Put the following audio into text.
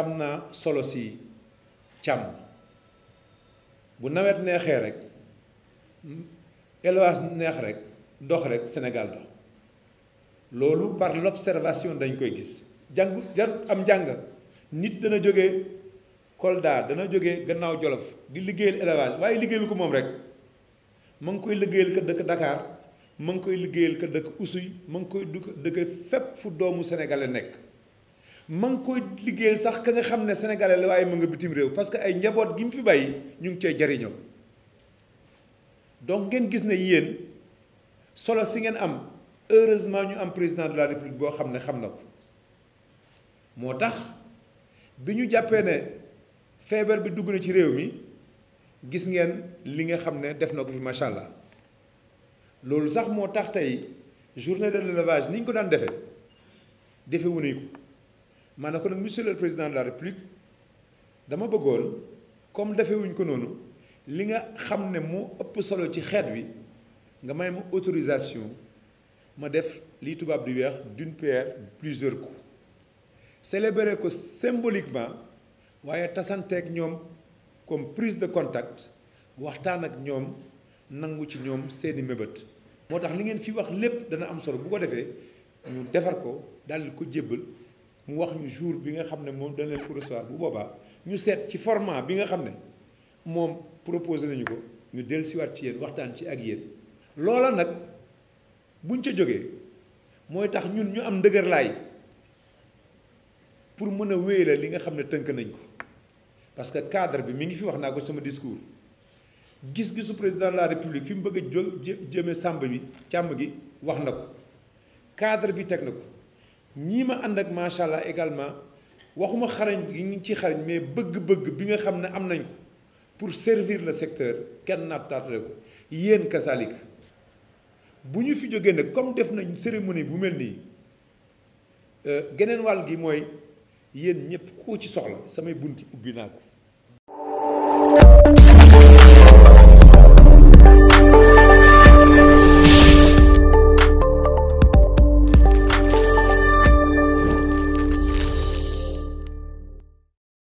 xam naa solo si càmm bu nawet neexee rek élevage neex rek dox rek Sénégal dox loolu par l'observation dañ koy gis jàng jar am njàng nit dana jóge Kolda dana jóge gannaaw Jolof di liggéeyal élevage waaye liggéeyal ko moom rek ma ngi koy liggéeyal ko dëkk dakaar ma ngi koy liggéeyal ko dëkk Oussouye ma ngi koy dëkk fépp fu doomu sénégalais nekk ma ngi koy liggéeyal sax ka nga xam ne sénégalais la waaye ma nga bitim réew parce que ay njaboot gi mu fi bàyyi ñu ngi cay jariñoo donc ngeen gis ne yéen solo si ngeen am heureusement ñu am président de la république boo xam ne xam na ko moo tax bi ñu jàppee ne feebar bi dugg na ci réew mi gis ngeen li nga xam ne def na ko fi macha allah loolu sax moo tax tey journée de l'élevage ni ñu ko daan defee defee wuñu ko. ma ne ko nag monsieur le président de la république dama bëggoon comme défé wuñ ko noonu li nga xamné mo moo ëpp solo ci xéet wi nga may ma autorisation ma def li tubab di wéx d'une pierre plusieurs coups célébrer ko symboliquement waye tassanté ak ñom comme prise de contact waxtaan ak ñom nangu ci ñom seeni mebeut motax li ngeen fi wax lépp dana am solo bu ko défé ñu défar ko dal ko jébbal mu wax ñu jour bi nga xam ne moom dana leen ko bu boobaa ñu seet ci format bi nga xam ne moom proposé nañu ko ñu dellusiwaat ci yéen waxtaan ci ak yéen loola nag buñ ca jógee mooy tax ñun ñu am ndëgërlaay pour mën a wéy la li nga xam ne tënk nañ ko parce que cadre bi mi ngi fi wax naa ko sama discours gis-gisu président de la république fi mu bëgg a jë jëme sàmba bi càmm gi wax na ko cadre bi teg na ko ñii ma ànd ak macha allah également waxuma xarañ gi ñu ci xarañ mais bëgg-bëgg bi nga xam ne am nañ pour servir le secteur kenn naataatale ko yéen kasalik bu ñu fi jógee ne comme def nañ cérémonie bu mel nii euh, geneen wàll gi mooy yéen ñëpp koo ci soxla samay bunti ubbi naa ko.